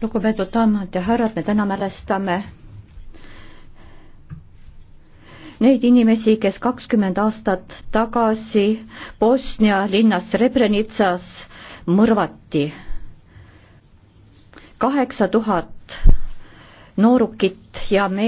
lugupeetud daamad ja härrad, me täna mälestame neid inimesi, kes kakskümmend aastat tagasi Bosnia linnas Srebrenitsas mõrvati. kaheksa tuhat noorukit ja meest